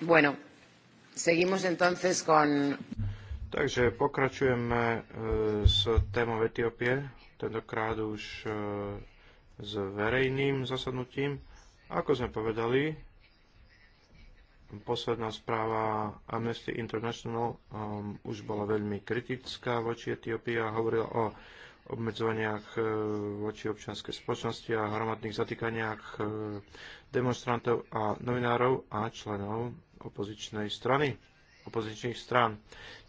Bueno, seguimos entonces con... Takže pokračujeme e, s témou Etiópie, tentokrát už e, s verejným zasadnutím. Ako sme povedali, posledná správa Amnesty International e, už bola veľmi kritická voči Etiópii a hovorila o obmedzovaniach e, voči občianskej spoločnosti a hromadných zatýkaniach e, demonstrantov a novinárov a členov opozičnej strany, opozičných strán.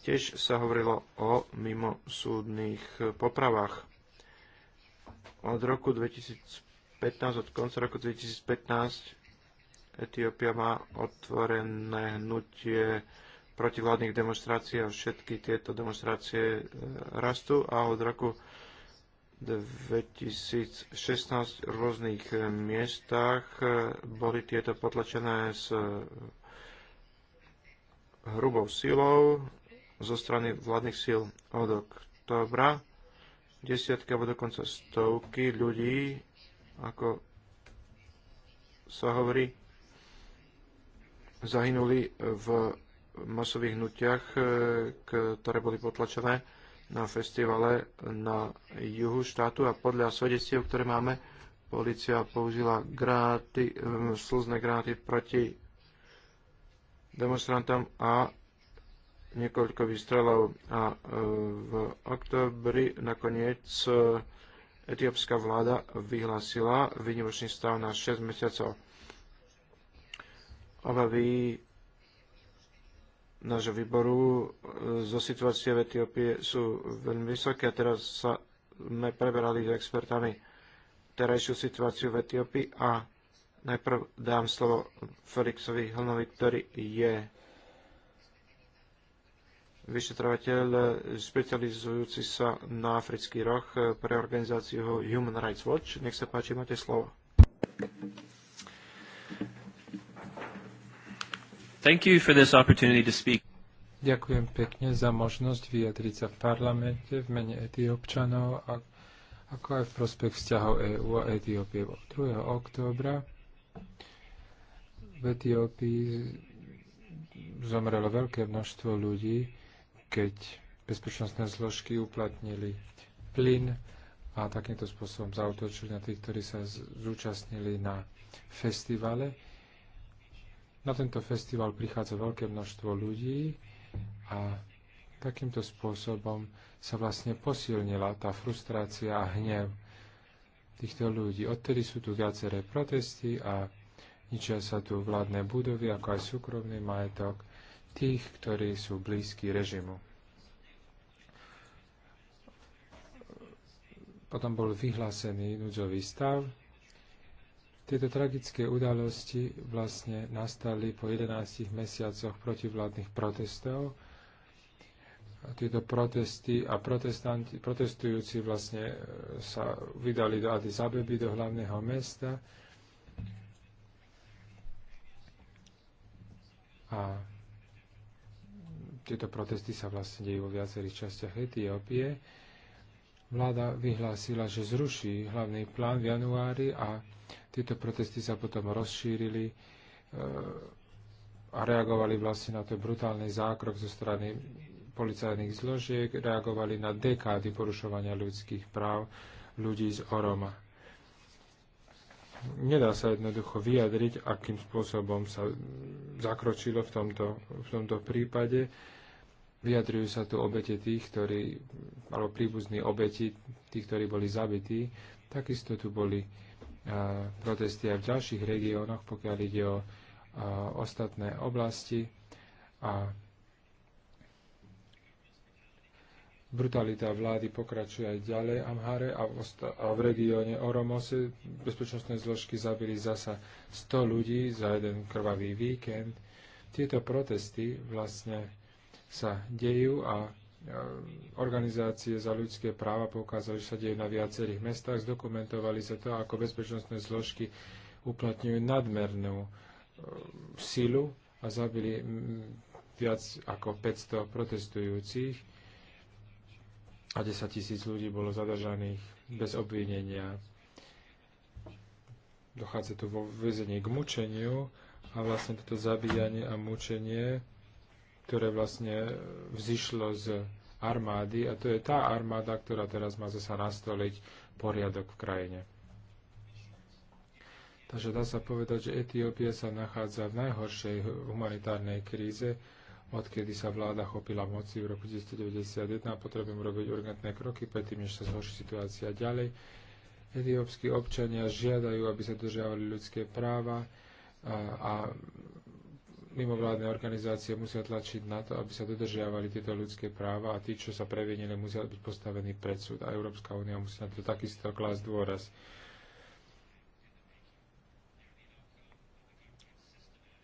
Tiež sa hovorilo o mimosúdnych popravách. Od roku 2015, od konca roku 2015, Etiópia má otvorené hnutie protivládnych demonstrácií a všetky tieto demonstrácie e, rastú a od roku 2016 v rôznych eh, miestach eh, boli tieto potlačené s eh, hrubou silou zo strany vládnych síl od oktobra. Desiatky alebo dokonca stovky ľudí, ako sa hovorí, zahynuli v masových hnutiach, ktoré boli potlačené na festivale na juhu štátu a podľa svedectiev, ktoré máme, policia použila gráty, slzné gráty proti demonstrantom a niekoľko výstrelov. A e, v oktobri nakoniec e, etiópska vláda vyhlásila výnimočný stav na 6 mesiacov. Obavy nášho výboru e, zo situácie v Etiópie sú veľmi vysoké a teraz sa sme preberali s expertami terajšiu situáciu v Etiópii a najprv dám slovo Felixovi Hlnovi, ktorý je vyšetrovateľ špecializujúci e, sa na africký roh e, pre organizáciu Human Rights Watch. Nech sa páči, máte slovo. Thank you for this opportunity to speak. Ďakujem pekne za možnosť vyjadriť sa v parlamente v mene etiópčanov, ako aj v prospech vzťahov EÚ a Etiópie. 2. októbra v Etiópii zomrelo veľké množstvo ľudí, keď bezpečnostné zložky uplatnili plyn a takýmto spôsobom zautočili na tých, ktorí sa zúčastnili na festivale na tento festival prichádza veľké množstvo ľudí a takýmto spôsobom sa vlastne posilnila tá frustrácia a hnev týchto ľudí. Odtedy sú tu viaceré protesty a ničia sa tu vládne budovy, ako aj súkromný majetok tých, ktorí sú blízki režimu. Potom bol vyhlásený núdzový stav tieto tragické udalosti vlastne nastali po 11 mesiacoch protivládnych protestov. Tieto protesty a protestujúci vlastne e, sa vydali do Addis Abeby, do hlavného mesta. A tieto protesty sa vlastne dejú vo viacerých častiach Etiópie. Vláda vyhlásila, že zruší hlavný plán v januári a tieto protesty sa potom rozšírili e, a reagovali vlastne na to brutálny zákrok zo strany policajných zložiek, reagovali na dekády porušovania ľudských práv ľudí z Oroma. Nedá sa jednoducho vyjadriť, akým spôsobom sa zakročilo v tomto, v tomto prípade. Vyjadrujú sa tu obete tých, ktorí, alebo príbuzní obeti tých, ktorí boli zabití. Takisto tu boli protesty aj v ďalších regiónoch, pokiaľ ide o ostatné oblasti. A brutalita vlády pokračuje aj ďalej Amhare a v, a v regióne Oromose bezpečnostné zložky zabili zasa 100 ľudí za jeden krvavý víkend. Tieto protesty vlastne sa dejú a organizácie za ľudské práva poukázali, že sa deje na viacerých mestách, zdokumentovali sa to, ako bezpečnostné zložky uplatňujú nadmernú e, silu a zabili viac ako 500 protestujúcich a 10 tisíc ľudí bolo zadržaných bez obvinenia. Dochádza tu vo vezení k mučeniu a vlastne toto zabíjanie a mučenie ktoré vlastne vzýšlo z armády a to je tá armáda, ktorá teraz má zasa nastoliť poriadok v krajine. Takže dá sa povedať, že Etiópia sa nachádza v najhoršej humanitárnej kríze, odkedy sa vláda chopila moci v roku 1991 a potrebujeme robiť urgentné kroky predtým, než sa zhorší situácia ďalej. Etiópsky občania žiadajú, aby sa dožiavali ľudské práva a, a mimovládne organizácie musia tlačiť na to, aby sa dodržiavali tieto ľudské práva a tí, čo sa previnili, musia byť postavení pred súd. A Európska únia musí na to takisto klásť dôraz.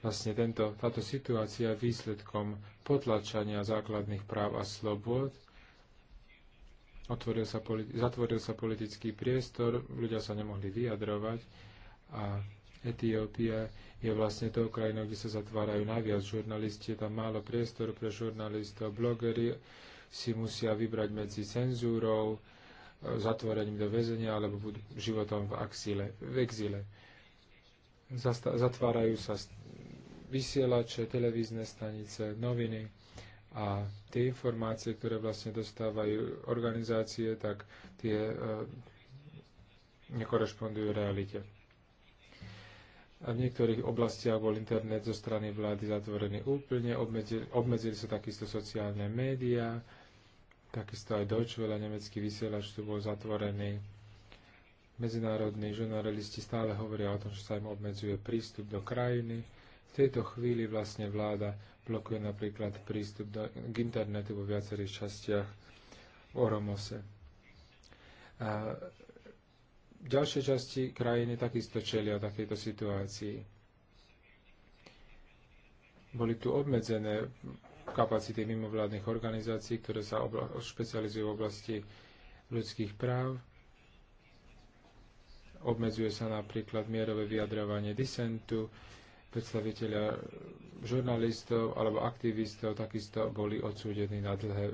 Vlastne tento, táto situácia je výsledkom potlačania základných práv a slobod. sa politi- zatvoril sa politický priestor, ľudia sa nemohli vyjadrovať a Etiópia je vlastne tou krajinou, kde sa zatvárajú najviac žurnalisti. Je tam málo priestoru pre žurnalistov. Blogery si musia vybrať medzi cenzúrou, e, zatvorením do väzenia alebo životom v, axile, v exile. zatvárajú sa vysielače, televízne stanice, noviny a tie informácie, ktoré vlastne dostávajú organizácie, tak tie e, nekorešpondujú realite a v niektorých oblastiach bol internet zo strany vlády zatvorený úplne, obmedzili, obmedzili sa takisto sociálne médiá, takisto aj Deutsche Welle, nemecký vysielač tu bol zatvorený. Medzinárodní žurnalisti stále hovoria o tom, že sa im obmedzuje prístup do krajiny. V tejto chvíli vlastne vláda blokuje napríklad prístup do, k internetu vo viacerých častiach v Oromose. A ďalšie časti krajiny takisto čelia takejto situácii. Boli tu obmedzené kapacity mimovládnych organizácií, ktoré sa špecializujú v oblasti ľudských práv. Obmedzuje sa napríklad mierové vyjadrovanie disentu, predstaviteľa žurnalistov alebo aktivistov takisto boli odsúdení na, dlhé,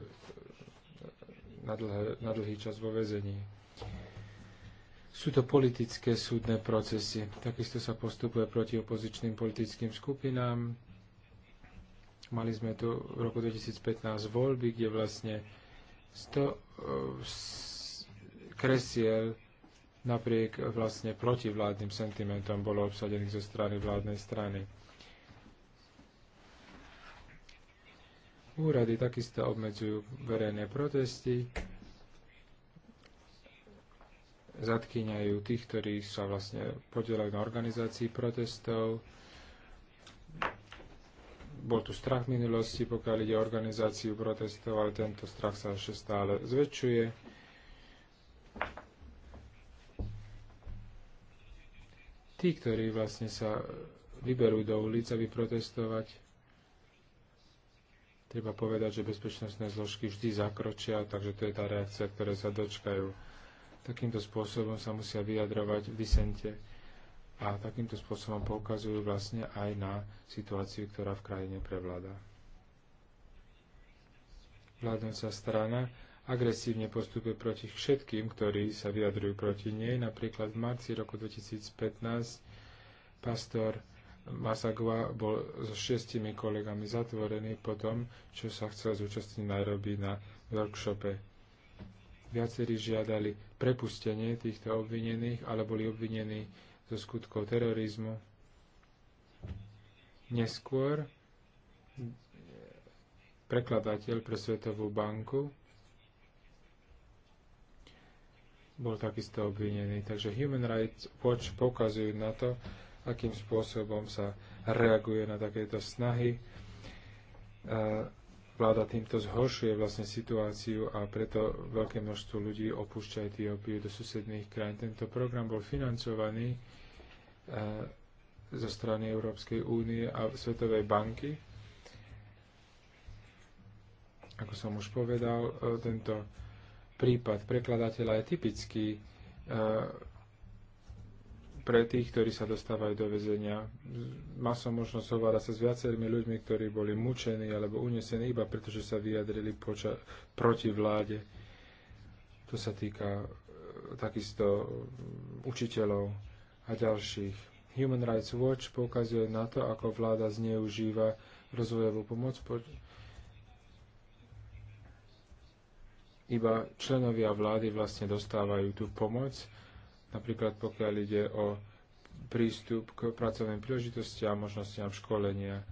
na, dlhé, na dlhý čas vo väzení. Sú to politické súdne procesy. Takisto sa postupuje proti opozičným politickým skupinám. Mali sme tu v roku 2015 voľby, kde vlastne 100 eh, kresiel napriek vlastne protivládnym sentimentom bolo obsadených zo strany vládnej strany. Úrady takisto obmedzujú verejné protesty zatkýňajú tých, ktorí sa vlastne podielajú na organizácii protestov. Bol tu strach v minulosti, pokiaľ ide o organizáciu protestov, ale tento strach sa ešte stále zväčšuje. Tí, ktorí vlastne sa vyberú do ulic, aby protestovať, treba povedať, že bezpečnostné zložky vždy zakročia, takže to je tá reakcia, ktoré sa dočkajú takýmto spôsobom sa musia vyjadrovať v disente a takýmto spôsobom poukazujú vlastne aj na situáciu, ktorá v krajine prevláda. Vládnúca strana agresívne postupuje proti všetkým, ktorí sa vyjadrujú proti nej. Napríklad v marci roku 2015 pastor Masagua bol so šiestimi kolegami zatvorený po čo sa chcel zúčastniť Nairobi na workshope Viacerí žiadali prepustenie týchto obvinených, ale boli obvinení zo skutkov terorizmu. Neskôr prekladateľ pre Svetovú banku bol takisto obvinený. Takže Human Rights Watch pokazujú na to, akým spôsobom sa reaguje na takéto snahy. E vláda týmto zhoršuje vlastne situáciu a preto veľké množstvo ľudí opúšťa Etiópiu do susedných krajín. Tento program bol financovaný eh, zo strany Európskej únie a Svetovej banky. Ako som už povedal, eh, tento prípad prekladateľa je typický. Eh, pre tých, ktorí sa dostávajú do väzenia. Má som možnosť hovárať sa s viacerými ľuďmi, ktorí boli mučení alebo unesení iba pretože sa vyjadrili poča- proti vláde. To sa týka e, takisto mm, učiteľov a ďalších. Human Rights Watch poukazuje na to, ako vláda zneužíva rozvojovú pomoc. Iba členovia vlády vlastne dostávajú tú pomoc napríklad pokiaľ ide o prístup k pracovným príležitostiam a možnostiam školenia.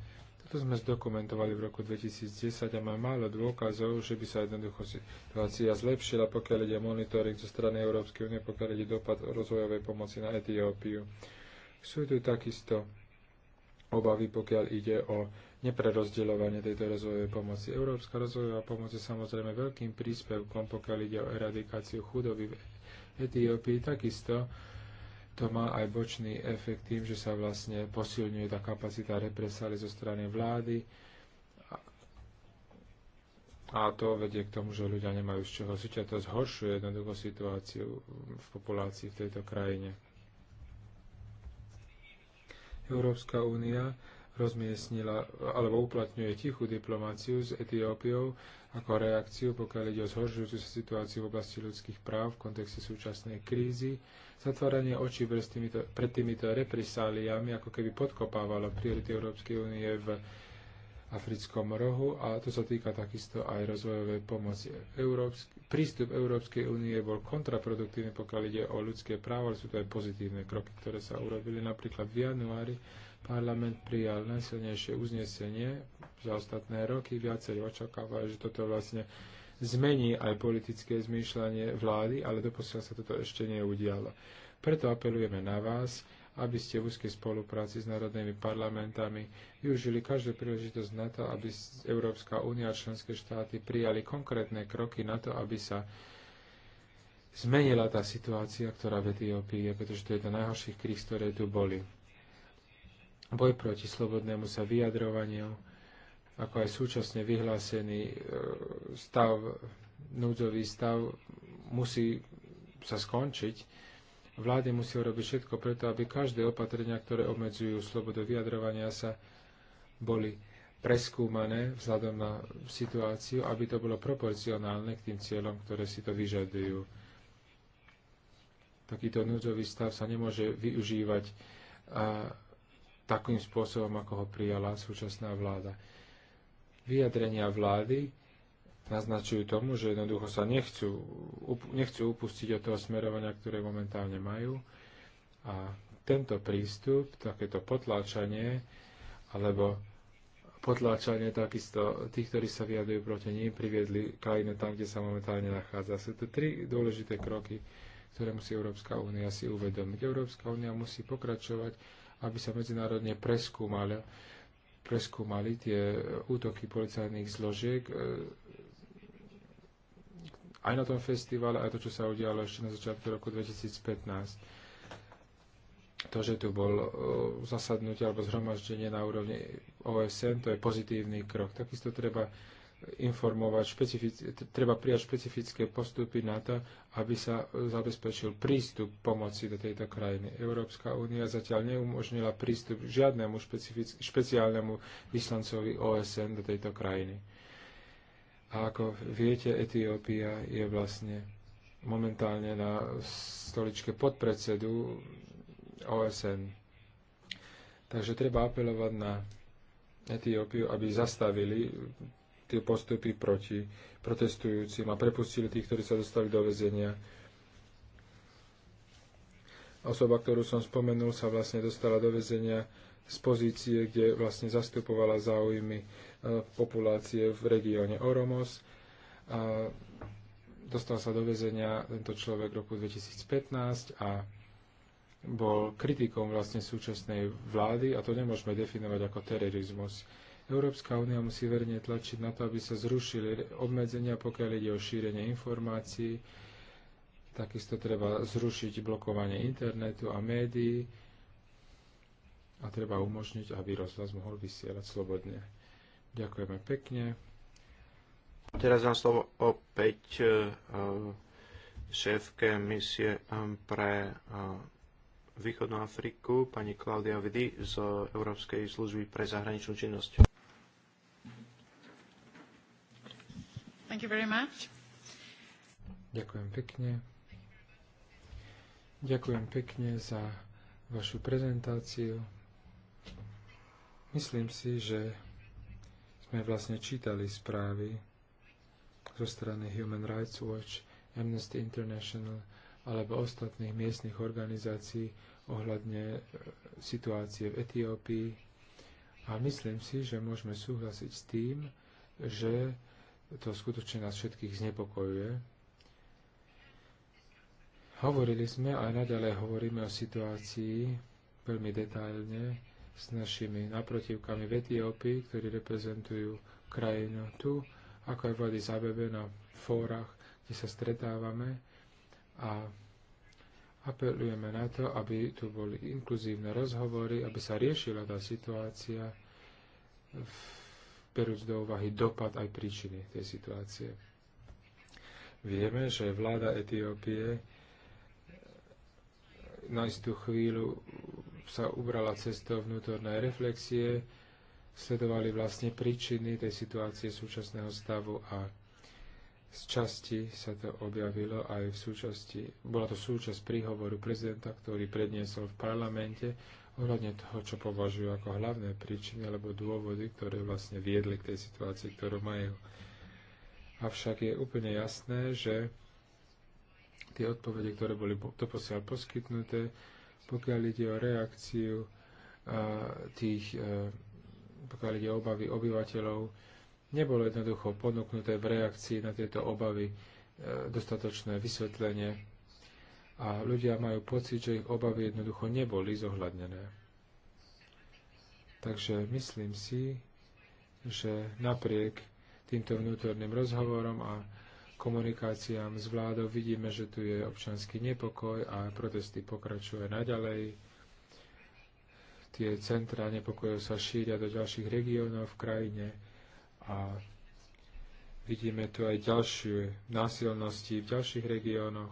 Toto sme zdokumentovali v roku 2010 a máme málo dôkazov, že by sa jednoducho situácia zlepšila, pokiaľ ide monitoring zo strany Európskej únie, pokiaľ ide dopad rozvojovej pomoci na Etiópiu. Sú tu takisto obavy, pokiaľ ide o neprerozdeľovanie tejto rozvojovej pomoci. Európska rozvojová pomoc je samozrejme veľkým príspevkom, pokiaľ ide o eradikáciu chudoby v Etiópii takisto to má aj bočný efekt tým, že sa vlastne posilňuje tá kapacita represály zo strany vlády a to vedie k tomu, že ľudia nemajú z čoho žiť a to zhoršuje jednoducho situáciu v populácii v tejto krajine. Európska únia rozmiestnila alebo uplatňuje tichú diplomáciu s Etiópiou ako reakciu, pokiaľ ide o zhoršujúcu sa situáciu v oblasti ľudských práv v kontexte súčasnej krízy. Zatváranie očí pred týmito, pred týmito represáliami ako keby podkopávalo priority Európskej únie v africkom rohu a to sa týka takisto aj rozvojovej pomoci. Európsky, prístup Európskej únie bol kontraproduktívny, pokiaľ ide o ľudské práva, ale sú to aj pozitívne kroky, ktoré sa urobili. Napríklad v januári parlament prijal najsilnejšie uznesenie za ostatné roky. Viacerí očakávajú, že toto vlastne zmení aj politické zmýšľanie vlády, ale doposiaľ sa toto ešte neudialo. Preto apelujeme na vás, aby ste v úzkej spolupráci s národnými parlamentami využili každú príležitosť na to, aby Európska únia a členské štáty prijali konkrétne kroky na to, aby sa zmenila tá situácia, ktorá v Etiópii je, pretože to je jedna najhorších kríz, ktoré tu boli. Boj proti slobodnému sa vyjadrovaniu, ako aj súčasne vyhlásený e, stav, núdzový stav, musí sa skončiť Vlády musia robiť všetko preto, aby každé opatrenia, ktoré obmedzujú slobodu vyjadrovania sa, boli preskúmané vzhľadom na situáciu, aby to bolo proporcionálne k tým cieľom, ktoré si to vyžadujú. Takýto núdzový stav sa nemôže využívať a, takým spôsobom, ako ho prijala súčasná vláda. Vyjadrenia vlády naznačujú tomu, že jednoducho sa nechcú, nechcú upustiť od toho smerovania, ktoré momentálne majú. A tento prístup, takéto potláčanie, alebo potláčanie takisto tých, ktorí sa vyjadujú proti ním, priviedli krajinu tam, kde sa momentálne nachádza. Sú to tri dôležité kroky, ktoré musí Európska únia si uvedomiť. Európska únia musí pokračovať, aby sa medzinárodne preskúmali, preskúmali tie útoky policajných zložiek e, aj na tom festivale, aj to, čo sa udialo ešte na začiatku roku 2015. To, že tu bol uh, zasadnutie alebo zhromaždenie na úrovni OSN, to je pozitívny krok. Takisto treba informovať, treba prijať špecifické postupy na to, aby sa zabezpečil prístup pomoci do tejto krajiny. Európska únia zatiaľ neumožnila prístup žiadnemu špeciálnemu vyslancovi OSN do tejto krajiny. A ako viete, Etiópia je vlastne momentálne na stoličke podpredsedu OSN. Takže treba apelovať na Etiópiu, aby zastavili tie postupy proti protestujúcim a prepustili tých, ktorí sa dostali do väzenia. Osoba, ktorú som spomenul, sa vlastne dostala do väzenia z pozície, kde vlastne zastupovala záujmy e, populácie v regióne Oromos. A dostal sa do väzenia tento človek v roku 2015 a bol kritikom vlastne súčasnej vlády a to nemôžeme definovať ako terorizmus. Európska únia musí verne tlačiť na to, aby sa zrušili obmedzenia, pokiaľ ide o šírenie informácií. Takisto treba zrušiť blokovanie internetu a médií a treba umožniť, aby rozhlas mohol vysielať slobodne. Ďakujeme pekne. Teraz dám slovo opäť e, e, šéfke misie e, pre Východnú Afriku, pani Klaudia Vidy z Európskej služby pre zahraničnú činnosť. Thank you very much. Ďakujem pekne. Ďakujem pekne za vašu prezentáciu. Myslím si, že sme vlastne čítali správy zo strany Human Rights Watch, Amnesty International alebo ostatných miestnych organizácií ohľadne e, situácie v Etiópii. A myslím si, že môžeme súhlasiť s tým, že to skutočne nás všetkých znepokojuje. Hovorili sme aj naďalej hovoríme o situácii veľmi detailne s našimi naprotivkami v Etiópii, ktorí reprezentujú krajinu tu, ako aj v Addis Abebe na fórach, kde sa stretávame a apelujeme na to, aby tu boli inkluzívne rozhovory, aby sa riešila tá situácia, berúc do úvahy dopad aj príčiny tej situácie. Vieme, že vláda Etiópie na istú chvíľu sa ubrala cestou vnútornej reflexie, sledovali vlastne príčiny tej situácie súčasného stavu a z časti sa to objavilo aj v súčasti, bola to súčasť príhovoru prezidenta, ktorý predniesol v parlamente ohľadne toho, čo považujú ako hlavné príčiny alebo dôvody, ktoré vlastne viedli k tej situácii, ktorú majú. Avšak je úplne jasné, že tie odpovede, ktoré boli doposiaľ poskytnuté, pokiaľ ide o reakciu tých, e, pokiaľ ide o obavy obyvateľov, nebolo jednoducho ponúknuté v reakcii na tieto obavy e, dostatočné vysvetlenie a ľudia majú pocit, že ich obavy jednoducho neboli zohľadnené. Takže myslím si, že napriek týmto vnútorným rozhovorom a komunikáciám s vládou. Vidíme, že tu je občanský nepokoj a protesty pokračujú naďalej. Tie centra nepokojov sa šíria do ďalších regiónov v krajine a vidíme tu aj ďalšie násilnosti v ďalších regiónoch.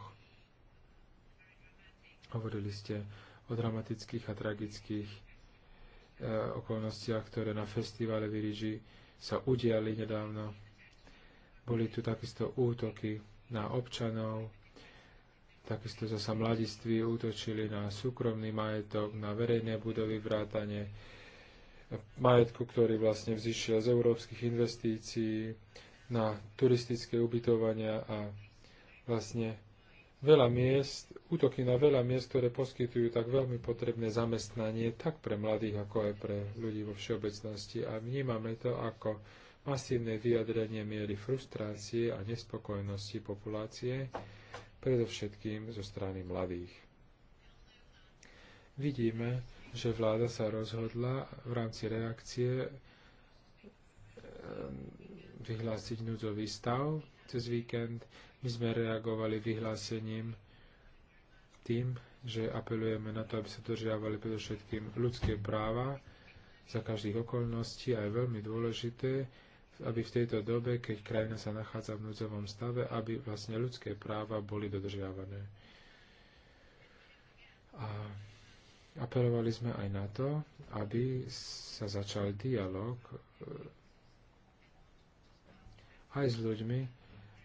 Hovorili ste o dramatických a tragických e, okolnostiach, ktoré na festivale v sa udiali nedávno boli tu takisto útoky na občanov, takisto zasa mladiství útočili na súkromný majetok, na verejné budovy vrátane majetku, ktorý vlastne vzýšiel z európskych investícií, na turistické ubytovania a vlastne veľa miest, útoky na veľa miest, ktoré poskytujú tak veľmi potrebné zamestnanie, tak pre mladých, ako aj pre ľudí vo všeobecnosti. A vnímame to ako masívne vyjadrenie miery frustrácie a nespokojnosti populácie, predovšetkým zo strany mladých. Vidíme, že vláda sa rozhodla v rámci reakcie eh, vyhlásiť núdzový stav cez víkend. My sme reagovali vyhlásením tým, že apelujeme na to, aby sa držiavali predovšetkým ľudské práva za každých okolností a je veľmi dôležité, aby v tejto dobe, keď krajina sa nachádza v núdzovom stave, aby vlastne ľudské práva boli dodržiavané. A apelovali sme aj na to, aby sa začal dialog e, aj s ľuďmi,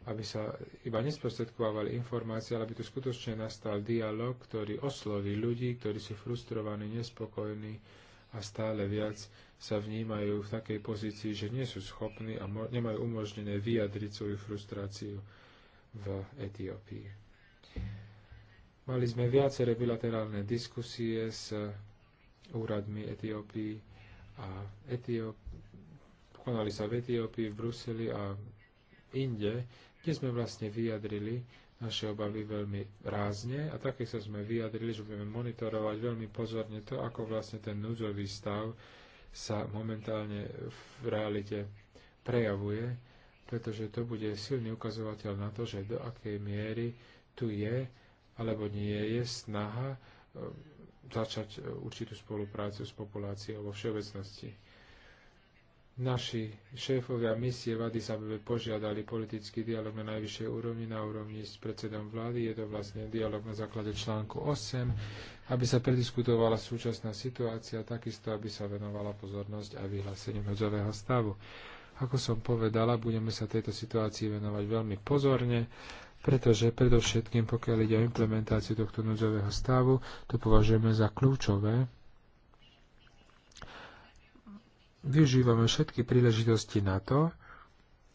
aby sa iba nesprostredkovávali informácie, ale aby tu skutočne nastal dialog, ktorý osloví ľudí, ktorí sú frustrovaní, nespokojní, a stále viac sa vnímajú v takej pozícii, že nie sú schopní a nemajú umožnené vyjadriť svoju frustráciu v Etiópii. Mali sme viaceré bilaterálne diskusie s úradmi Etiópii a Etióp... konali sa v Etiópii, v Bruseli a inde, kde sme vlastne vyjadrili naše obavy veľmi rázne a sa sme vyjadrili, že budeme monitorovať veľmi pozorne to, ako vlastne ten núdzový stav sa momentálne v realite prejavuje, pretože to bude silný ukazovateľ na to, že do akej miery tu je alebo nie je snaha e, začať e, určitú spoluprácu s populáciou vo všeobecnosti naši šéfovia misie v Addis Abebe požiadali politický dialog na najvyššej úrovni, na úrovni s predsedom vlády. Je to vlastne dialog na základe článku 8, aby sa prediskutovala súčasná situácia, takisto aby sa venovala pozornosť aj vyhláseniu medzového stavu. Ako som povedala, budeme sa tejto situácii venovať veľmi pozorne, pretože predovšetkým, pokiaľ ide o implementáciu tohto núdzového stavu, to považujeme za kľúčové, využívame všetky príležitosti na to,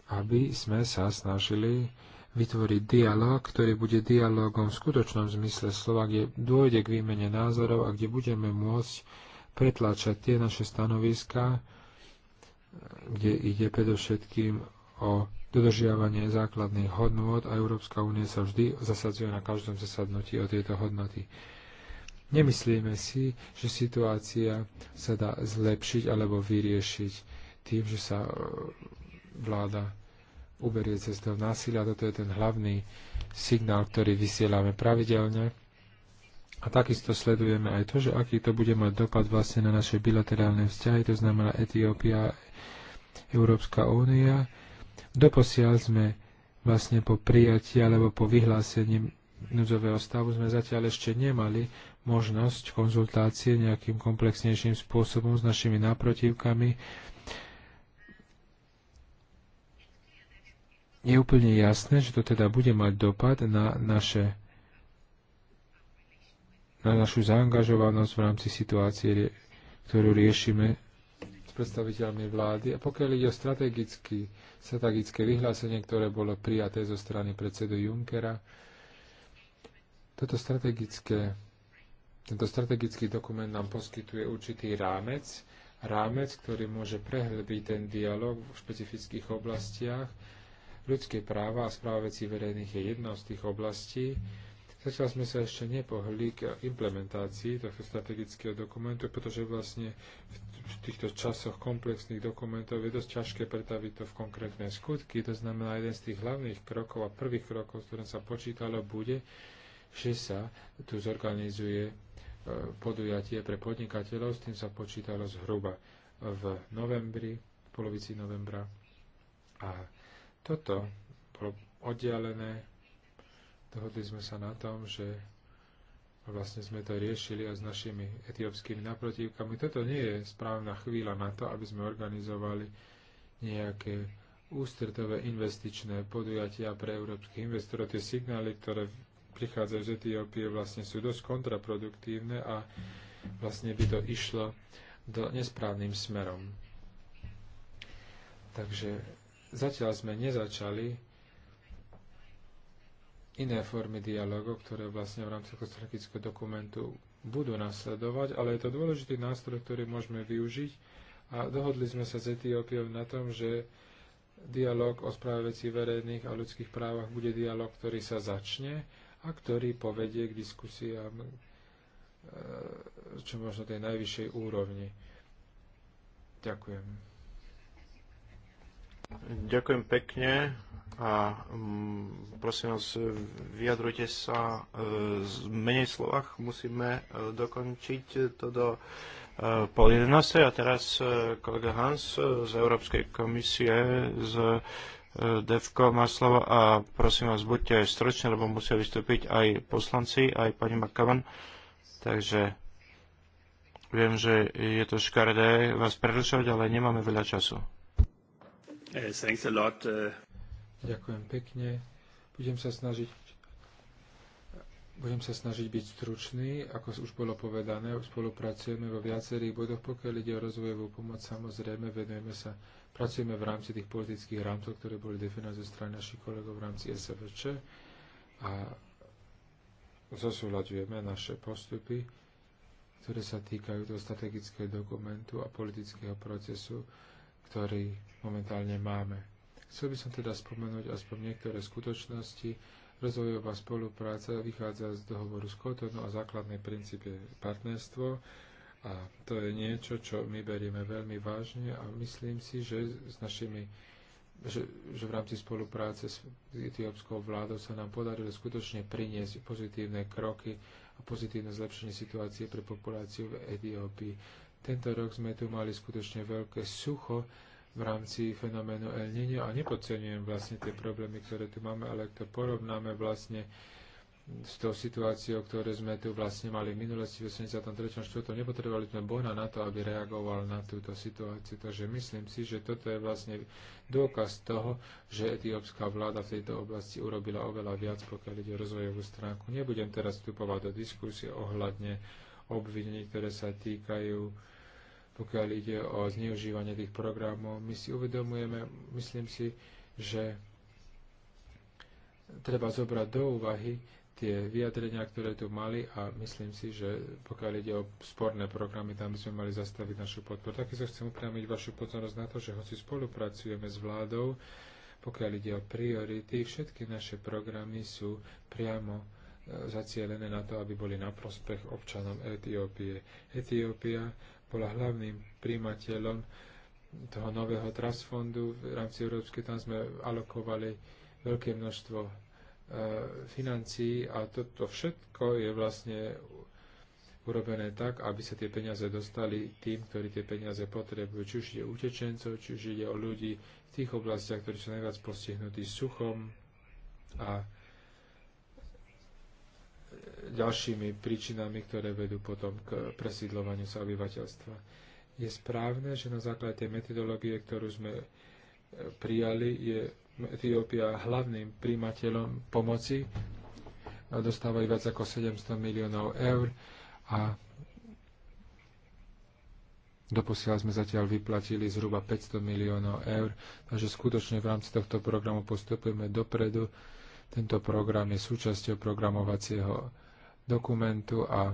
aby sme sa snažili vytvoriť dialog, ktorý bude dialogom v skutočnom zmysle slova, kde dôjde k výmene názorov a kde budeme môcť pretláčať tie naše stanoviská, kde ide predovšetkým o dodržiavanie základných hodnôt a Európska únie sa vždy zasadzuje na každom zasadnutí o tieto hodnoty. Nemyslíme si, že situácia sa dá zlepšiť alebo vyriešiť tým, že sa e, vláda uberie toho násilia. Toto je ten hlavný signál, ktorý vysielame pravidelne. A takisto sledujeme aj to, že aký to bude mať dopad vlastne na naše bilaterálne vzťahy, to znamená Etiópia, Európska únia. Doposiaľ sme vlastne po prijatí alebo po vyhlásení núdzového stavu sme zatiaľ ešte nemali možnosť konzultácie nejakým komplexnejším spôsobom s našimi náprotivkami. Je úplne jasné, že to teda bude mať dopad na naše na našu zaangažovanosť v rámci situácie, ktorú riešime s predstaviteľmi vlády. A pokiaľ ide o strategické, strategické vyhlásenie, ktoré bolo prijaté zo strany predsedu Junckera, toto strategické tento strategický dokument nám poskytuje určitý rámec, rámec, ktorý môže prehlbiť ten dialog v špecifických oblastiach. Ľudské práva a správa vecí verejných je jednou z tých oblastí. Zatiaľ sme sa ešte nepohli k implementácii tohto strategického dokumentu, pretože vlastne v týchto časoch komplexných dokumentov je dosť ťažké pretaviť to v konkrétne skutky. To znamená, jeden z tých hlavných krokov a prvých krokov, s ktorým sa počítalo, bude, že sa tu zorganizuje e, podujatie pre podnikateľov, s tým sa počítalo zhruba v novembri, v polovici novembra. A toto bolo oddialené, dohodli sme sa na tom, že vlastne sme to riešili aj s našimi etiópskymi naprotivkami. Toto nie je správna chvíľa na to, aby sme organizovali nejaké ústretové investičné podujatia pre európskych investorov. Tie signály, ktoré prichádzajú z Etiópie, vlastne sú dosť kontraproduktívne a vlastne by to išlo do nesprávnym smerom. Takže zatiaľ sme nezačali iné formy dialogu, ktoré vlastne v rámci strategického dokumentu budú nasledovať, ale je to dôležitý nástroj, ktorý môžeme využiť a dohodli sme sa s Etiópiou na tom, že dialog o správe vecí verejných a ľudských právach bude dialog, ktorý sa začne a ktorý povedie k diskusiám e, čo možno tej najvyššej úrovni. Ďakujem. Ďakujem pekne a mm, prosím vás, vyjadrujte sa e, v menej slovách. Musíme e, dokončiť to do pol 11. a teraz kolega Hans z Európskej komisie z Devko má slovo a prosím vás, buďte stručne, lebo musia vystúpiť aj poslanci, aj pani Makavan. Takže viem, že je to škaredé vás prerušovať, ale nemáme veľa času. Uh. Ďakujem pekne. Budem sa snažiť budem sa snažiť byť stručný. Ako už bolo povedané, spolupracujeme vo viacerých bodoch. Pokiaľ ide o rozvojovú pomoc, samozrejme venujeme sa, pracujeme v rámci tých politických rámcov, ktoré boli definované zo strany našich kolegov v rámci SVČ a zosúľadujeme naše postupy, ktoré sa týkajú toho strategického dokumentu a politického procesu, ktorý momentálne máme. Chcel by som teda spomenúť aspoň niektoré skutočnosti, Rozvojová spolupráca vychádza z dohovoru z Kotonu a základné princípy partnerstvo. A to je niečo, čo my berieme veľmi vážne a myslím si, že s našimi že, že v rámci spolupráce s etiópskou vládou sa nám podarilo skutočne priniesť pozitívne kroky a pozitívne zlepšenie situácie pre populáciu v Etiópii. Tento rok sme tu mali skutočne veľké sucho, v rámci fenoménu El Niño a nepodceňujem vlastne tie problémy, ktoré tu máme, ale ak to porovnáme vlastne s tou situáciou, ktoré sme tu vlastne mali v minulosti v 83. 4. nepotrebovali sme Bona na to, aby reagoval na túto situáciu. Takže myslím si, že toto je vlastne dôkaz toho, že etiópska vláda v tejto oblasti urobila oveľa viac, pokiaľ ide o rozvojovú stránku. Nebudem teraz vstupovať do diskusie ohľadne obvinení, ktoré sa týkajú pokiaľ ide o zneužívanie tých programov. My si uvedomujeme, myslím si, že treba zobrať do úvahy tie vyjadrenia, ktoré tu mali a myslím si, že pokiaľ ide o sporné programy, tam by sme mali zastaviť našu podporu. Takisto chcem upriamiť vašu pozornosť na to, že hoci spolupracujeme s vládou, pokiaľ ide o priority, všetky naše programy sú priamo e, zacielené na to, aby boli na prospech občanom Etiópie. Etiópia bola hlavným príjimateľom toho nového trust fondu v rámci Európskej. Tam sme alokovali veľké množstvo e, financií a toto všetko je vlastne urobené tak, aby sa tie peniaze dostali tým, ktorí tie peniaze potrebujú. Či už ide o utečencov, či už ide o ľudí v tých oblastiach, ktorí sú najviac postihnutí suchom a ďalšími príčinami, ktoré vedú potom k presídlovaniu sa obyvateľstva. Je správne, že na základe tej metodológie, ktorú sme e, prijali, je Etiópia hlavným príjimateľom pomoci. Dostávajú viac ako 700 miliónov eur a doposiaľ sme zatiaľ vyplatili zhruba 500 miliónov eur, takže skutočne v rámci tohto programu postupujeme dopredu tento program je súčasťou programovacieho dokumentu a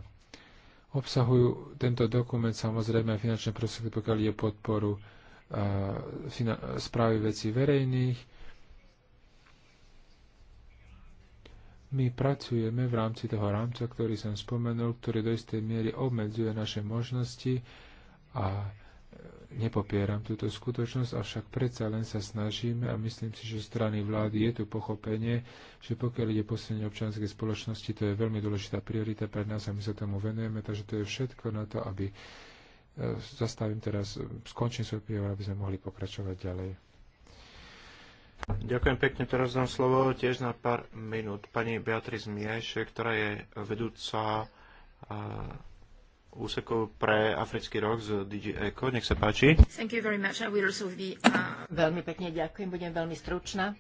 obsahujú tento dokument samozrejme aj finančné prostriedky, pokiaľ je podporu uh, správy vecí verejných. My pracujeme v rámci toho rámca, ktorý som spomenul, ktorý do istej miery obmedzuje naše možnosti a Nepopieram túto skutočnosť, avšak predsa len sa snažíme a myslím si, že strany vlády je tu pochopenie, že pokiaľ ide posilnenie občianskej spoločnosti, to je veľmi dôležitá priorita pre nás a my sa tomu venujeme, takže to je všetko na to, aby e, zastavím teraz, e, skončím svoj príhovor, aby sme mohli pokračovať ďalej. Ďakujem pekne, teraz dám slovo tiež na pár minút pani Beatriz Mieš, ktorá je vedúca e, úsekov pre africký rok z DG Eco. Nech sa páči. Thank you very much. I will also be, uh... Veľmi pekne ďakujem, budem veľmi stručná.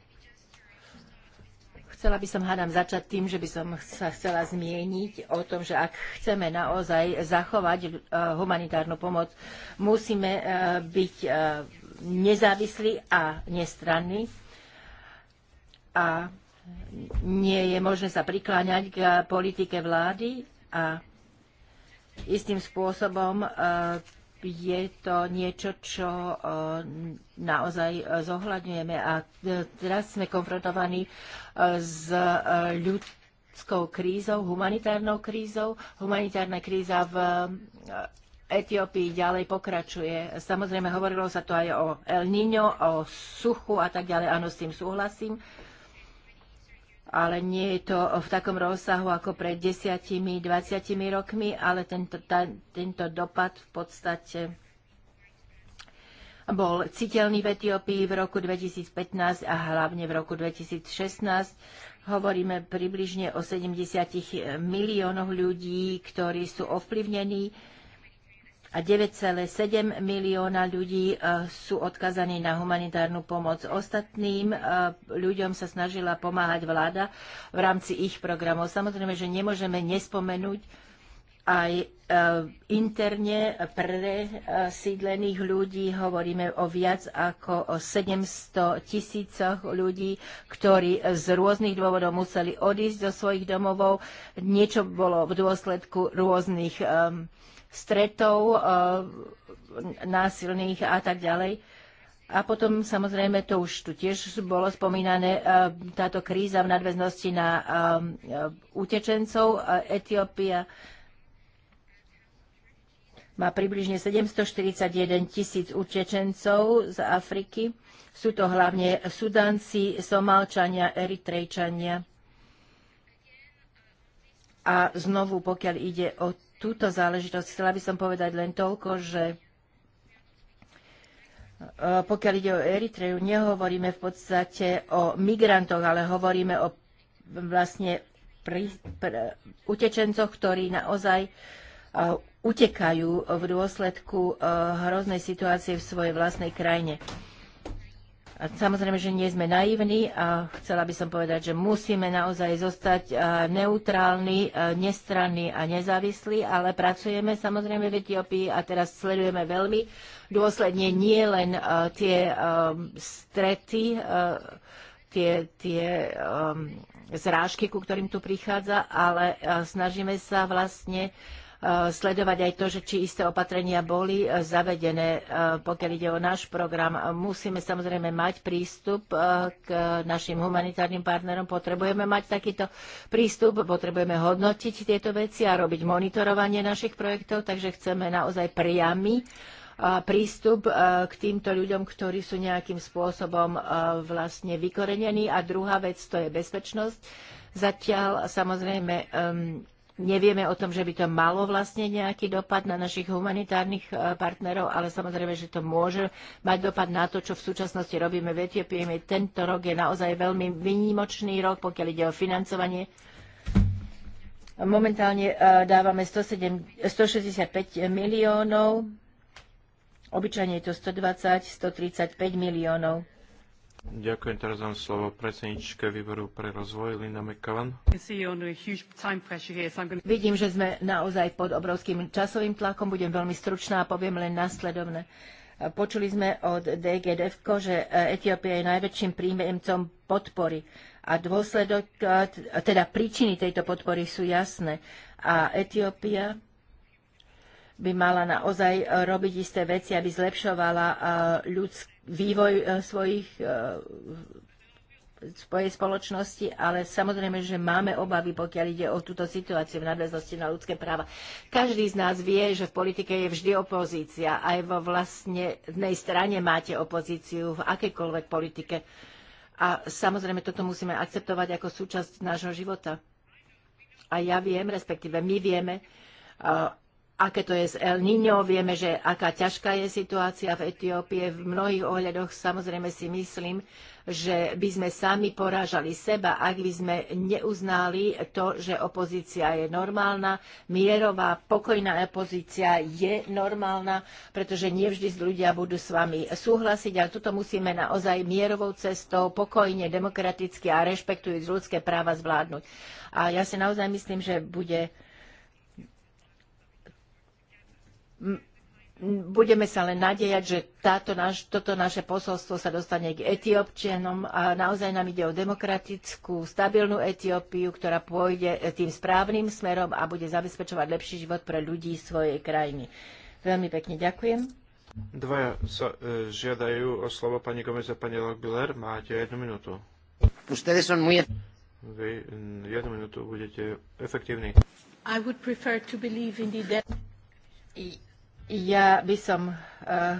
Chcela by som, hádam, začať tým, že by som sa chcela zmieniť o tom, že ak chceme naozaj zachovať uh, humanitárnu pomoc, musíme uh, byť uh, nezávislí a nestranní. A nie je možné sa prikláňať k politike vlády a istým spôsobom e, je to niečo, čo e, naozaj zohľadňujeme. A teraz sme konfrontovaní e, s ľudskou krízou, humanitárnou krízou. Humanitárna kríza v Etiópii ďalej pokračuje. Samozrejme, hovorilo sa to aj o El Niño, o suchu a tak ďalej. Áno, s tým súhlasím ale nie je to v takom rozsahu ako pred 10-20 rokmi, ale tento, ta, tento dopad v podstate bol citeľný v Etiópii v roku 2015 a hlavne v roku 2016. Hovoríme približne o 70 miliónoch ľudí, ktorí sú ovplyvnení a 9,7 milióna ľudí e, sú odkazaní na humanitárnu pomoc. Ostatným e, ľuďom sa snažila pomáhať vláda v rámci ich programov. Samozrejme, že nemôžeme nespomenúť aj e, interne presídlených ľudí, hovoríme o viac ako o 700 tisícoch ľudí, ktorí z rôznych dôvodov museli odísť do svojich domovov. Niečo bolo v dôsledku rôznych um, stretov eh, násilných a tak ďalej. A potom samozrejme, to už tu tiež bolo spomínané, eh, táto kríza v nadväznosti na eh, utečencov Etiópia má približne 741 tisíc utečencov z Afriky. Sú to hlavne Sudanci, Somálčania, Eritrejčania. A znovu, pokiaľ ide o túto záležitosť, chcela by som povedať len toľko, že e, pokiaľ ide o Eritreju, nehovoríme v podstate o migrantoch, ale hovoríme o vlastne pri, utečencoch, ktorí naozaj e, utekajú v dôsledku e, hroznej situácie v svojej vlastnej krajine. A samozrejme, že nie sme naivní a chcela by som povedať, že musíme naozaj zostať e, neutrálni, e, nestranní a nezávislí, ale pracujeme samozrejme v Etiópii a teraz sledujeme veľmi dôsledne nie len e, tie strety, tie, tie zrážky, ku ktorým tu prichádza, ale snažíme sa vlastne sledovať aj to, že či isté opatrenia boli e, zavedené, e, pokiaľ ide o náš program. Musíme samozrejme mať prístup e, k našim humanitárnym partnerom, potrebujeme mať takýto prístup, potrebujeme hodnotiť tieto veci a robiť monitorovanie našich projektov, takže chceme naozaj priamy prístup k týmto ľuďom, ktorí sú nejakým spôsobom vlastne vykorenení. A druhá vec, to je bezpečnosť. Zatiaľ samozrejme Nevieme o tom, že by to malo vlastne nejaký dopad na našich humanitárnych e, partnerov, ale samozrejme, že to môže mať dopad na to, čo v súčasnosti robíme v Etiópii. Tento rok je naozaj veľmi výnimočný rok, pokiaľ ide o financovanie. Momentálne e, dávame 107, 165 miliónov, obyčajne je to 120, 135 miliónov. Ďakujem, teraz dám slovo predsedničke výboru pre rozvoj Linda McCallan. Vidím, že sme naozaj pod obrovským časovým tlakom, budem veľmi stručná a poviem len následovné. Počuli sme od DGDF, že e, Etiópia je najväčším príjemcom podpory a dôsledok, e, teda príčiny tejto podpory sú jasné. A Etiópia by mala naozaj e, robiť isté veci, aby zlepšovala ľudské vývoj e, svojich e, svojej spoločnosti, ale samozrejme, že máme obavy, pokiaľ ide o túto situáciu v nadväznosti na ľudské práva. Každý z nás vie, že v politike je vždy opozícia. Aj vo vlastnej strane máte opozíciu v akejkoľvek politike. A samozrejme, toto musíme akceptovať ako súčasť nášho života. A ja viem, respektíve my vieme, aké to je s El Niño, vieme, že aká ťažká je situácia v Etiópie. V mnohých ohľadoch samozrejme si myslím, že by sme sami porážali seba, ak by sme neuznali to, že opozícia je normálna, mierová, pokojná opozícia je normálna, pretože nevždy ľudia budú s vami súhlasiť, ale tuto musíme naozaj mierovou cestou, pokojne, demokraticky a rešpektujúc ľudské práva zvládnuť. A ja si naozaj myslím, že bude budeme sa len nadejať, že táto naš, toto naše posolstvo sa dostane k etiópčanom a naozaj nám ide o demokratickú, stabilnú Etiópiu, ktorá pôjde tým správnym smerom a bude zabezpečovať lepší život pre ľudí svojej krajiny. Veľmi pekne ďakujem. Dvaja sa e, žiadajú o slovo pani Gomez a pani Lockbiller. Máte jednu minútu. Ustedes son muy... Vy jednu minútu budete efektívni. I would prefer to believe in the ja by som eh,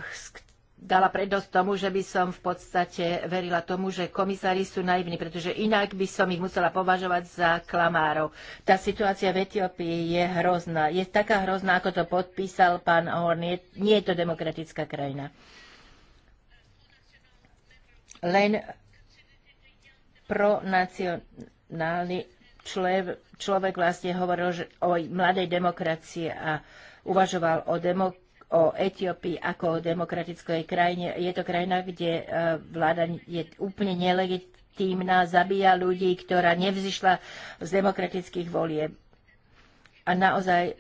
dala prednosť tomu, že by som v podstate verila tomu, že komisári sú naivní, pretože inak by som ich musela považovať za klamárov. Tá situácia v Etiópii je hrozná. Je taká hrozná, ako to podpísal pán Horn. Nie, nie je to demokratická krajina. Len pronacionálny človek, človek vlastne hovoril že o mladej demokracii a uvažoval o demok- o Etiópii ako o demokratickej krajine. Je to krajina, kde e, vláda je úplne nelegitímna, zabíja ľudí, ktorá nevzýšla z demokratických volieb. A naozaj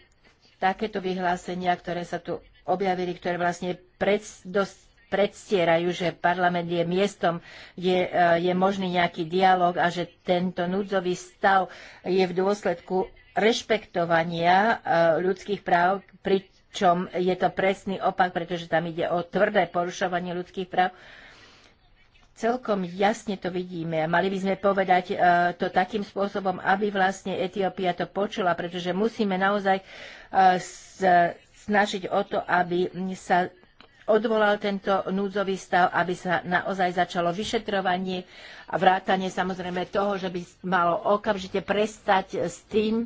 takéto vyhlásenia, ktoré sa tu objavili, ktoré vlastne pred, dosť predstierajú, že parlament je miestom, kde e, je možný nejaký dialog a že tento núdzový stav je v dôsledku rešpektovania e, ľudských práv, pričom je to presný opak, pretože tam ide o tvrdé porušovanie ľudských práv. Celkom jasne to vidíme mali by sme povedať e, to takým spôsobom, aby vlastne Etiópia to počula, pretože musíme naozaj e, snažiť o to, aby sa odvolal tento núdzový stav, aby sa naozaj začalo vyšetrovanie a vrátanie samozrejme toho, že by malo okamžite prestať s tým, e,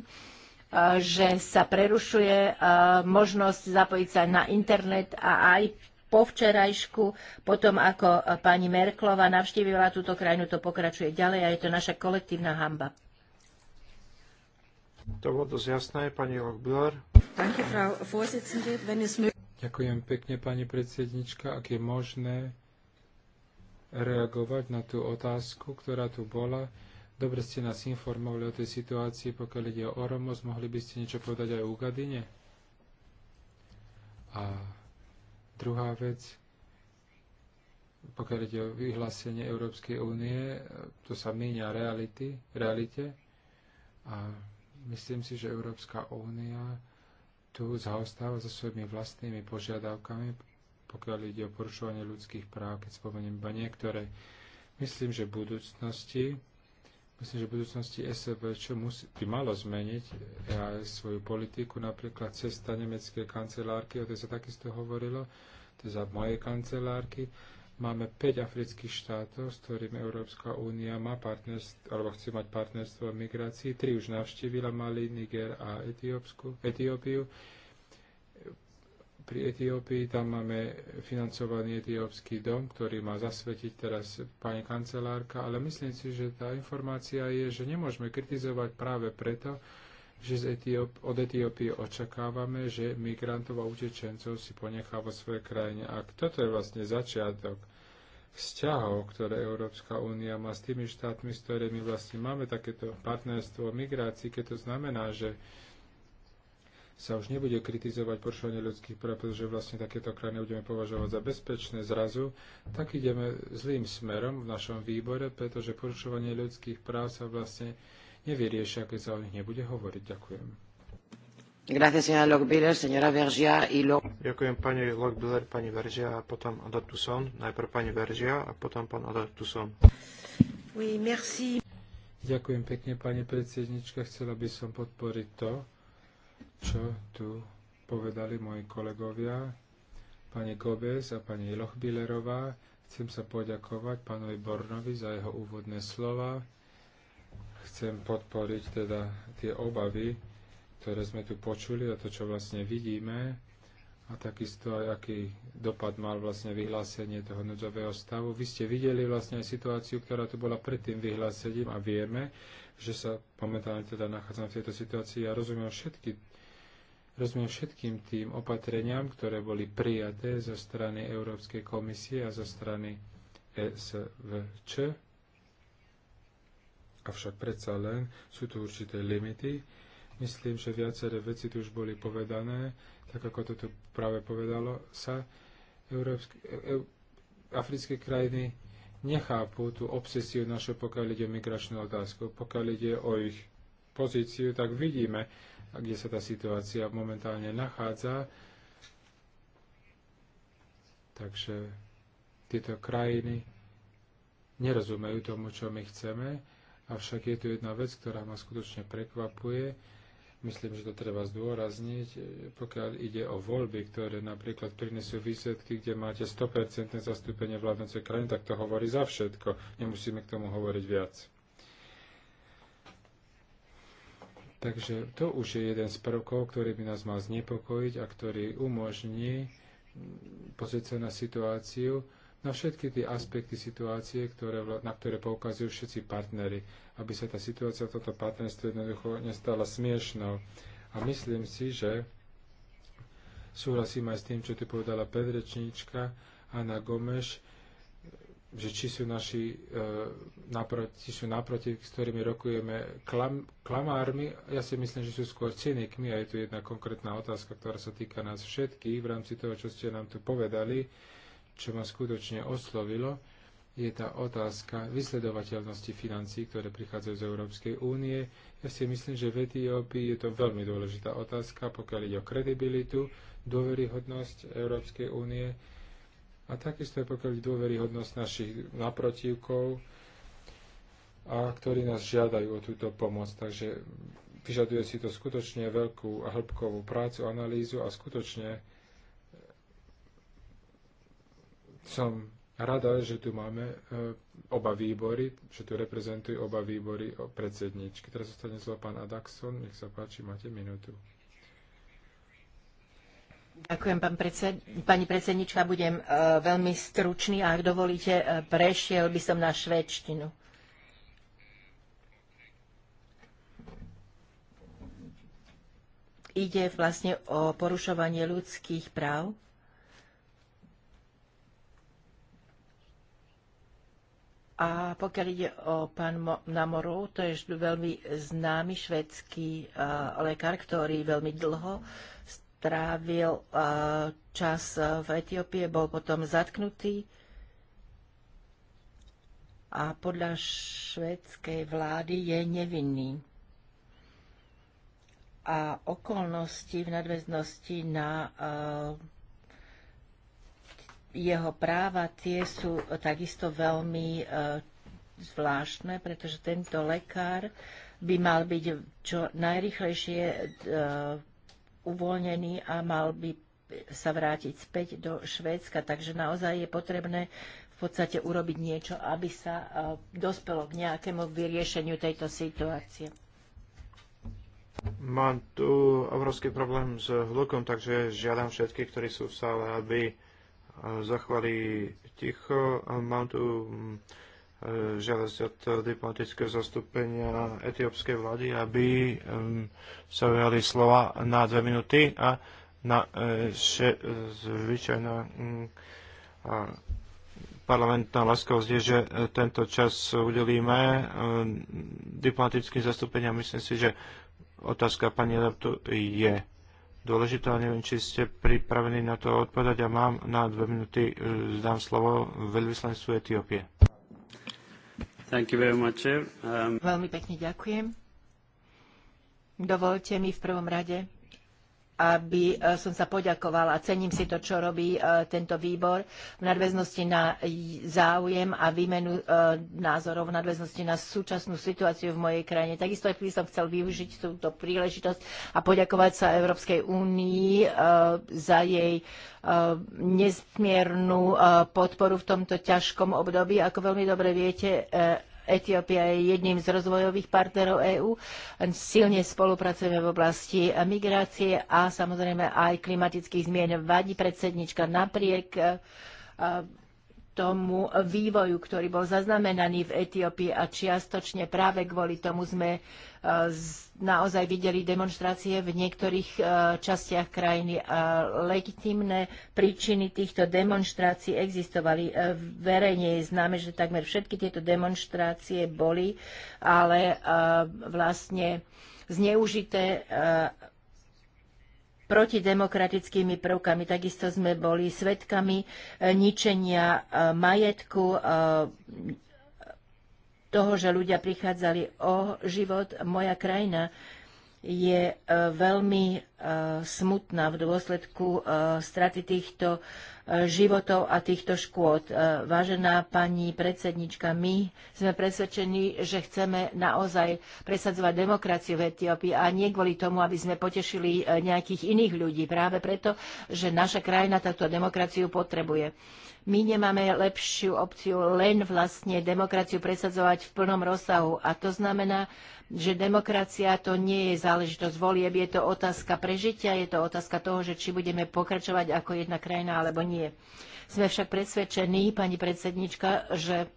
že sa prerušuje e, možnosť zapojiť sa na internet a aj po včerajšku, potom ako e, pani Merklova navštívila túto krajinu, to pokračuje ďalej a je to naša kolektívna hamba. To bolo dosť jasné, pani Lochbiller. Ďakujem pekne, pani predsednička. Ak je možné reagovať na tú otázku, ktorá tu bola. Dobre ste nás informovali o tej situácii, pokiaľ ide o Oromos. Mohli by ste niečo povedať aj o Ugadine? A druhá vec, pokiaľ ide o vyhlásenie Európskej únie, to sa míňa reality, realite. A myslím si, že Európska únia tu zaostáva so svojimi vlastnými požiadavkami, pokiaľ ide o porušovanie ľudských práv, keď spomeniem iba niektoré. Myslím, že v budúcnosti myslím, že v budúcnosti SEB čo musí, by malo zmeniť e aj svoju politiku, napríklad cesta nemeckej kancelárky, o tej sa takisto hovorilo, to je za mojej kancelárky, Máme 5 afrických štátov, s ktorými Európska únia má partnerstvo, alebo chce mať partnerstvo v migrácii. Tri už navštívila Mali, Niger a Etiópsku, Etiópiu. Pri Etiópii tam máme financovaný etiópsky dom, ktorý má zasvetiť teraz pani kancelárka, ale myslím si, že tá informácia je, že nemôžeme kritizovať práve preto, že z Etióp- od Etiópie očakávame, že migrantov a utečencov si ponechá vo svojej krajine. A toto je vlastne začiatok vzťahov, ktoré Európska únia má s tými štátmi, s ktorými vlastne máme takéto partnerstvo o migrácii, keď to znamená, že sa už nebude kritizovať porušovanie ľudských práv, pretože vlastne takéto krajiny budeme považovať za bezpečné zrazu, tak ideme zlým smerom v našom výbore, pretože porušovanie ľudských práv sa vlastne nevyriešia, keď sa o nich nebude hovoriť. Ďakujem. Ďakujem pani Lockbiller, pani Veržia a potom Adaptuson. Najprv pani Veržia a potom pán Adaptuson. Oui, merci. Ďakujem pekne, pani predsednička. Chcela by som podporiť to, čo tu povedali moji kolegovia, pani Gobes a pani Lochbillerová. Chcem sa poďakovať pánovi Bornovi za jeho úvodné slova chcem podporiť teda tie obavy, ktoré sme tu počuli a to, čo vlastne vidíme a takisto aj aký dopad mal vlastne vyhlásenie toho núdzového stavu. Vy ste videli vlastne aj situáciu, ktorá tu bola pred tým vyhlásením a vieme, že sa momentálne teda nachádzam v tejto situácii. Ja rozumiem, všetky, rozumiem všetkým tým opatreniam, ktoré boli prijaté zo strany Európskej komisie a zo strany SVČ, avšak predsa len sú tu určité limity. Myslím, že viaceré veci tu už boli povedané, tak ako to tu práve povedalo sa. Európske, e, e, africké krajiny nechápu tú obsesiu našu, pokiaľ ide o migračnú otázku, pokiaľ ide o ich pozíciu, tak vidíme, kde sa tá situácia momentálne nachádza. Takže tieto krajiny nerozumejú tomu, čo my chceme Avšak je tu jedna vec, ktorá ma skutočne prekvapuje. Myslím, že to treba zdôrazniť, pokiaľ ide o voľby, ktoré napríklad prinesú výsledky, kde máte 100% zastúpenie vládnocej krajiny, tak to hovorí za všetko. Nemusíme k tomu hovoriť viac. Takže to už je jeden z prvkov, ktorý by nás mal znepokojiť a ktorý umožní pozrieť sa na situáciu na všetky tie aspekty situácie, ktoré, na ktoré poukazujú všetci partnery, aby sa tá situácia v tomto partnerstve jednoducho nestala smiešnou. A myslím si, že súhlasím aj s tým, čo tu povedala predrečníčka Anna Gomeš, že či sú naši e, naproti, či sú naproti, s ktorými rokujeme klam, klamármi. Ja si myslím, že sú skôr cynikmi a je tu jedna konkrétna otázka, ktorá sa týka nás všetkých v rámci toho, čo ste nám tu povedali. E, čo ma skutočne oslovilo, je tá otázka vysledovateľnosti financí, ktoré prichádzajú z Európskej únie. Ja si myslím, že v Etiópii je to veľmi dôležitá otázka, pokiaľ ide o kredibilitu, dôveryhodnosť Európskej únie a takisto aj pokiaľ ide dôveryhodnosť našich naprotivkov, a ktorí nás žiadajú o túto pomoc. Takže vyžaduje si to skutočne veľkú a hĺbkovú prácu, analýzu a skutočne Som rada, že tu máme e, oba výbory, že tu reprezentujú oba výbory o predsedničky. Teraz zostane slovo pán Adaxon. Nech sa páči, máte minútu. Ďakujem, pán predsed... pani predsednička. Budem uh, veľmi stručný a ak dovolíte, uh, prešiel by som na švédštinu. Ide vlastne o porušovanie ľudských práv A pokiaľ ide o pán Namoru, to je veľmi známy švedský lekár, ktorý veľmi dlho strávil čas v Etiópie, bol potom zatknutý a podľa švedskej vlády je nevinný. A okolnosti v nadväznosti na uh, jeho práva tie sú takisto veľmi e, zvláštne, pretože tento lekár by mal byť čo najrychlejšie e, uvoľnený a mal by sa vrátiť späť do Švédska. Takže naozaj je potrebné v podstate urobiť niečo, aby sa e, dospelo k nejakému vyriešeniu tejto situácie. Mám tu obrovský problém s hlukom, takže žiadam všetkých, ktorí sú v sále, aby zachovali ticho. Mám tu mm, e, žiadosť od diplomatického zastúpenia etiópskej vlády, aby mm, sa ujali slova na dve minúty a na e, še, e, zvyčajná mm, parlamentná láskavosť je, že tento čas udelíme diplomatickým zastúpeniam. Myslím si, že otázka pani Adaptu je dôležitá. Neviem, či ste pripravení na to odpovedať a mám na dve minúty, e, zdám slovo veľvyslanstvu Etiópie. Thank you very much, um... Veľmi pekne ďakujem. Dovolte mi v prvom rade aby e, som sa poďakovala. a Cením si to, čo robí e, tento výbor v nadväznosti na záujem a výmenu e, názorov v nadväznosti na súčasnú situáciu v mojej krajine. Takisto aj som chcel využiť túto príležitosť a poďakovať sa Európskej únii za jej nesmiernu podporu v tomto ťažkom období. Ako veľmi dobre viete, Etiópia je jedným z rozvojových partnerov EÚ. Silne spolupracujeme v oblasti migrácie a samozrejme aj klimatických zmien. Vadí predsednička napriek eh, tomu vývoju, ktorý bol zaznamenaný v Etiópii a čiastočne práve kvôli tomu sme e, naozaj videli demonstrácie v niektorých e, častiach krajiny a legitimné príčiny týchto demonstrácií existovali. E, verejne je známe, že takmer všetky tieto demonstrácie boli, ale vlastne zneužité protidemokratickými prvkami. Takisto sme boli svetkami e, ničenia e, majetku, e, toho, že ľudia prichádzali o život. Moja krajina je e, veľmi e, smutná v dôsledku e, straty týchto životov a týchto škôd. Vážená pani predsednička, my sme presvedčení, že chceme naozaj presadzovať demokraciu v Etiópii a nie kvôli tomu, aby sme potešili nejakých iných ľudí. Práve preto, že naša krajina takto demokraciu potrebuje my nemáme lepšiu opciu len vlastne demokraciu presadzovať v plnom rozsahu. A to znamená, že demokracia to nie je záležitosť volieb, je to otázka prežitia, je to otázka toho, že či budeme pokračovať ako jedna krajina alebo nie. Sme však presvedčení, pani predsednička, že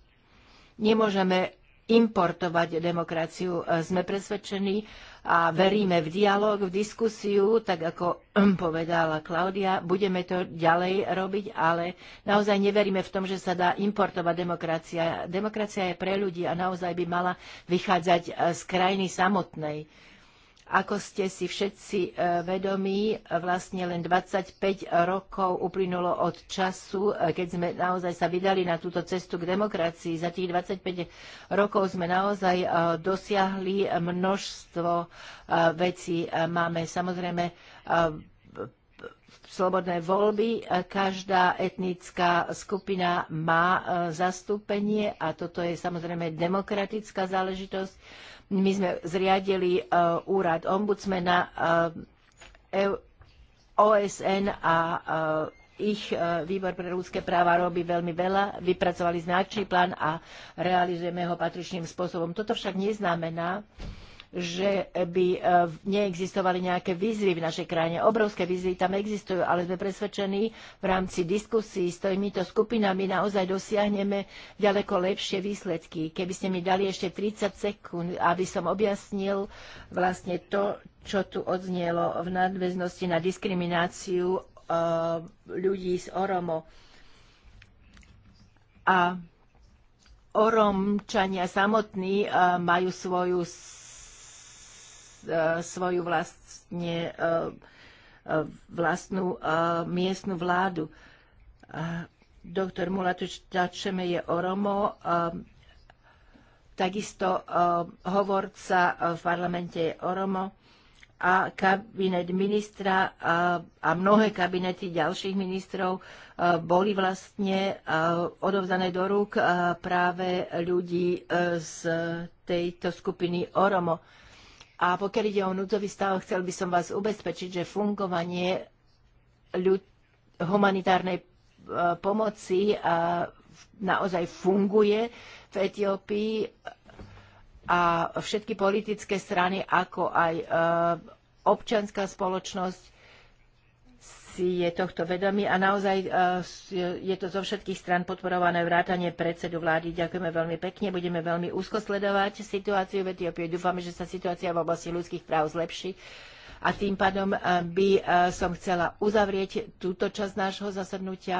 nemôžeme importovať demokraciu. Sme presvedčení, a veríme v dialog, v diskusiu, tak ako povedala Klaudia, budeme to ďalej robiť, ale naozaj neveríme v tom, že sa dá importovať demokracia. Demokracia je pre ľudí a naozaj by mala vychádzať eh, z krajiny samotnej. Ako ste si všetci e, vedomí, vlastne len 25 rokov uplynulo od času, e, keď sme naozaj sa vydali na túto cestu k demokracii. Za tých 25 rokov sme naozaj e, dosiahli množstvo vecí. Máme samozrejme slobodné voľby. Každá etnická skupina má zastúpenie a toto je samozrejme demokratická záležitosť. My sme zriadili e, úrad ombudsmena e, e, OSN a ich výbor pre ľudské práva robí veľmi veľa. Vypracovali značný plán a realizujeme ho patričným spôsobom. Toto však neznamená, že by e, neexistovali nejaké výzvy v našej krajine. Obrovské výzvy tam existujú, ale sme presvedčení v rámci diskusí s týmito skupinami naozaj dosiahneme ďaleko lepšie výsledky. Keby ste mi dali ešte 30 sekúnd, aby som objasnil vlastne to, čo tu odznielo v nadväznosti na diskrimináciu e, ľudí z Oromo. A Oromčania samotní e, majú svoju E, svoju vlastne, e, e, vlastnú miestnu vládu. Doktor Mulatuč Tačeme je Oromo, takisto hovorca v parlamente je Oromo a kabinet ministra a, a mnohé kabinety ďalších ministrov boli vlastne odovzdané do rúk práve ľudí z tejto skupiny Oromo. A pokiaľ ide o núdzový stav, chcel by som vás ubezpečiť, že fungovanie ľud- humanitárnej e, pomoci a e, naozaj funguje v Etiópii a všetky politické strany, ako aj e, občianská spoločnosť si je tohto vedomý a naozaj e, je to zo všetkých stran podporované vrátanie predsedu vlády. Ďakujeme veľmi pekne, budeme veľmi úzko sledovať situáciu v Etiópii. Dúfame, že sa situácia v oblasti ľudských práv zlepší. A tým pádom e, by e, som chcela uzavrieť túto časť nášho zasadnutia.